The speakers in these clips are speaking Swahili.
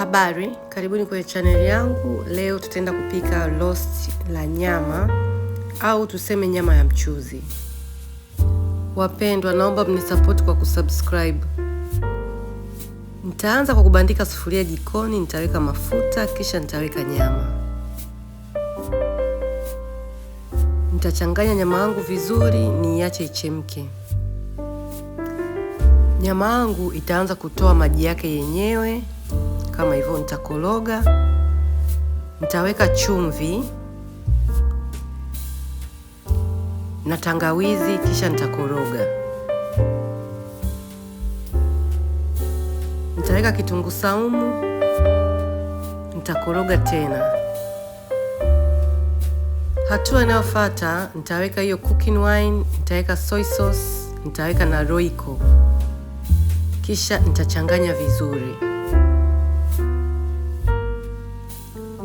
Habari, karibuni kwenye chaneli yangu. Leo tutaenda kupika roast la nyama au tuseme nyama ya mchuzi. Wapendwa, naomba mnisapoti kwa kusubscribe. Nitaanza kwa kubandika sufuria jikoni, nitaweka mafuta kisha nitaweka nyama. Nitachanganya nyama yangu vizuri, niiache ichemke. Nyama yangu itaanza kutoa maji yake yenyewe kama hivyo, nitakologa, nitaweka chumvi na tangawizi, kisha nitakoroga. Nitaweka kitunguu saumu, nitakoroga tena. Hatua inayofuata nitaweka hiyo cooking wine, nitaweka soy sauce, nitaweka na Royco, kisha nitachanganya vizuri.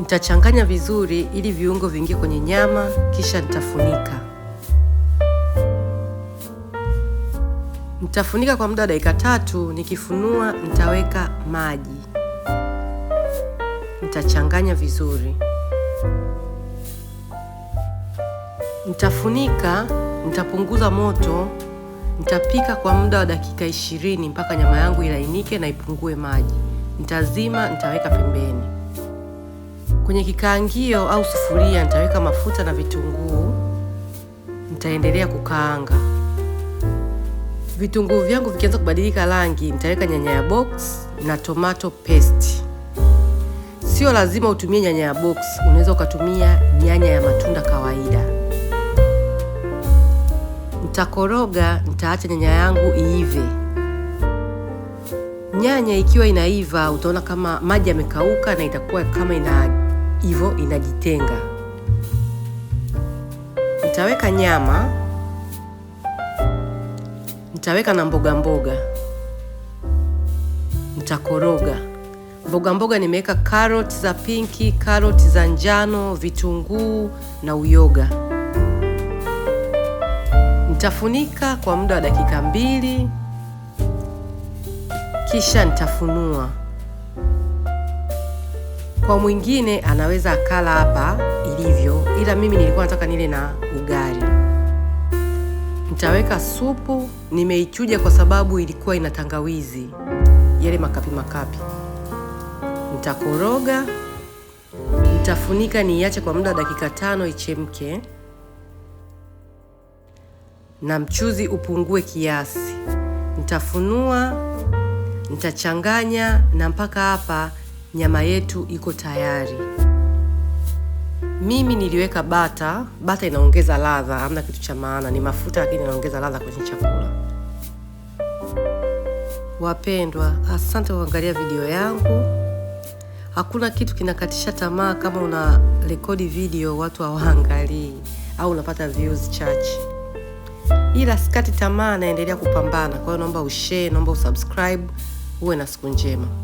Nitachanganya vizuri ili viungo viingie kwenye nyama, kisha nitafunika. Nitafunika kwa muda wa dakika tatu. Nikifunua nitaweka maji, nitachanganya vizuri, nitafunika, nitapunguza moto, nitapika kwa muda wa dakika ishirini mpaka nyama yangu ilainike na ipungue maji. Nitazima, nitaweka pembeni. Kwenye kikaangio au sufuria nitaweka mafuta na vitunguu, nitaendelea kukaanga. Vitunguu vyangu vikianza kubadilika rangi, nitaweka nyanya ya box na tomato paste. Sio lazima utumie nyanya ya box, unaweza ukatumia nyanya ya matunda kawaida. Nitakoroga, nitaacha nyanya yangu iive. Nyanya ikiwa inaiva, utaona kama maji yamekauka na itakuwa kama ina hivyo inajitenga. Nitaweka nyama, nitaweka na mboga mboga, nitakoroga mboga mboga. Nimeweka karoti za pinki, karoti za njano, vitunguu na uyoga. Nitafunika kwa muda wa dakika mbili, kisha nitafunua. Kwa mwingine anaweza akala hapa ilivyo, ila mimi nilikuwa nataka nile na ugali. Nitaweka supu, nimeichuja kwa sababu ilikuwa ina tangawizi, yale makapi makapi. Nitakoroga, nitafunika niiache kwa muda wa dakika tano ichemke na mchuzi upungue kiasi. Nitafunua, nitachanganya na mpaka hapa nyama yetu iko tayari. Mimi niliweka bata. Bata inaongeza ladha, hamna kitu cha maana, ni mafuta lakini inaongeza ladha kwenye chakula. Wapendwa, asante kwa kuangalia video yangu. Hakuna kitu kinakatisha tamaa kama una rekodi video watu hawaangalii au unapata views chache, ila sikati tamaa, naendelea kupambana. Kwa hiyo naomba ushare, naomba usubscribe. Uwe na siku njema.